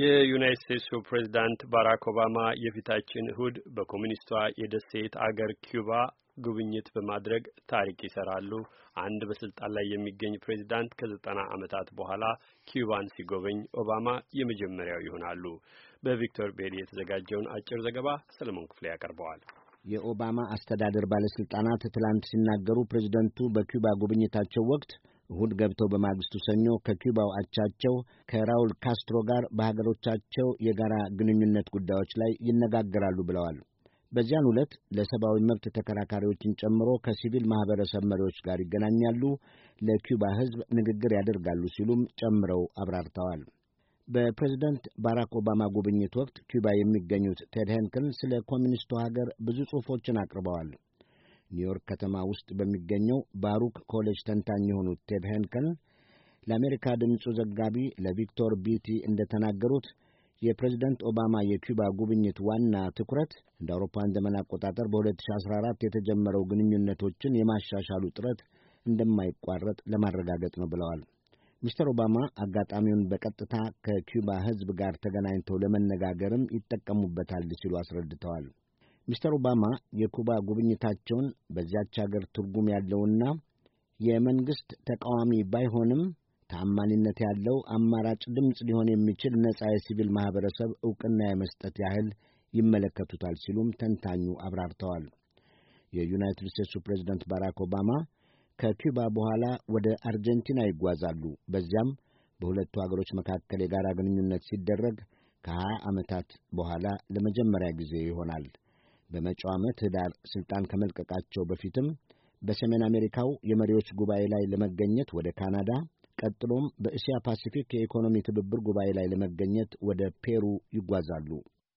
የዩናይት ስቴትሱ ፕሬዚዳንት ባራክ ኦባማ የፊታችን እሁድ በኮሚኒስቷ የደሴት አገር ኪዩባ ጉብኝት በማድረግ ታሪክ ይሰራሉ። አንድ በስልጣን ላይ የሚገኝ ፕሬዚዳንት ከዘጠና ዓመታት በኋላ ኪዩባን ሲጎበኝ ኦባማ የመጀመሪያው ይሆናሉ። በቪክቶር ቤሊ የተዘጋጀውን አጭር ዘገባ ሰለሞን ክፍሌ ያቀርበዋል። የኦባማ አስተዳደር ባለስልጣናት ትላንት ሲናገሩ ፕሬዚደንቱ በኪዩባ ጉብኝታቸው ወቅት እሁድ ገብተው በማግስቱ ሰኞ ከኪውባው አቻቸው ከራውል ካስትሮ ጋር በሀገሮቻቸው የጋራ ግንኙነት ጉዳዮች ላይ ይነጋገራሉ ብለዋል። በዚያን ዕለት ለሰብአዊ መብት ተከራካሪዎችን ጨምሮ ከሲቪል ማኅበረሰብ መሪዎች ጋር ይገናኛሉ፣ ለኪውባ ሕዝብ ንግግር ያደርጋሉ ሲሉም ጨምረው አብራርተዋል። በፕሬዝደንት ባራክ ኦባማ ጉብኝት ወቅት ኪውባ የሚገኙት ቴድ ሄንክን ስለ ኮሚኒስቱ ሀገር ብዙ ጽሑፎችን አቅርበዋል። ኒውዮርክ ከተማ ውስጥ በሚገኘው ባሩክ ኮሌጅ ተንታኝ የሆኑት ቴድ ሄንከን ለአሜሪካ ድምፁ ዘጋቢ ለቪክቶር ቢቲ እንደተናገሩት የፕሬዝደንት ኦባማ የኪዩባ ጉብኝት ዋና ትኩረት እንደ አውሮፓን ዘመን አቆጣጠር በ2014 የተጀመረው ግንኙነቶችን የማሻሻሉ ጥረት እንደማይቋረጥ ለማረጋገጥ ነው ብለዋል። ሚስተር ኦባማ አጋጣሚውን በቀጥታ ከኪዩባ ሕዝብ ጋር ተገናኝተው ለመነጋገርም ይጠቀሙበታል ሲሉ አስረድተዋል። ሚስተር ኦባማ የኩባ ጉብኝታቸውን በዚያች አገር ትርጉም ያለውና የመንግሥት ተቃዋሚ ባይሆንም ታማኒነት ያለው አማራጭ ድምፅ ሊሆን የሚችል ነጻ የሲቪል ማኅበረሰብ ዕውቅና የመስጠት ያህል ይመለከቱታል ሲሉም ተንታኙ አብራርተዋል። የዩናይትድ ስቴትሱ ፕሬዚደንት ባራክ ኦባማ ከኪዩባ በኋላ ወደ አርጀንቲና ይጓዛሉ። በዚያም በሁለቱ አገሮች መካከል የጋራ ግንኙነት ሲደረግ ከሀያ ዓመታት በኋላ ለመጀመሪያ ጊዜ ይሆናል። በመጪው ዓመት ህዳር ሥልጣን ከመልቀቃቸው በፊትም በሰሜን አሜሪካው የመሪዎች ጉባኤ ላይ ለመገኘት ወደ ካናዳ ቀጥሎም በእስያ ፓሲፊክ የኢኮኖሚ ትብብር ጉባኤ ላይ ለመገኘት ወደ ፔሩ ይጓዛሉ።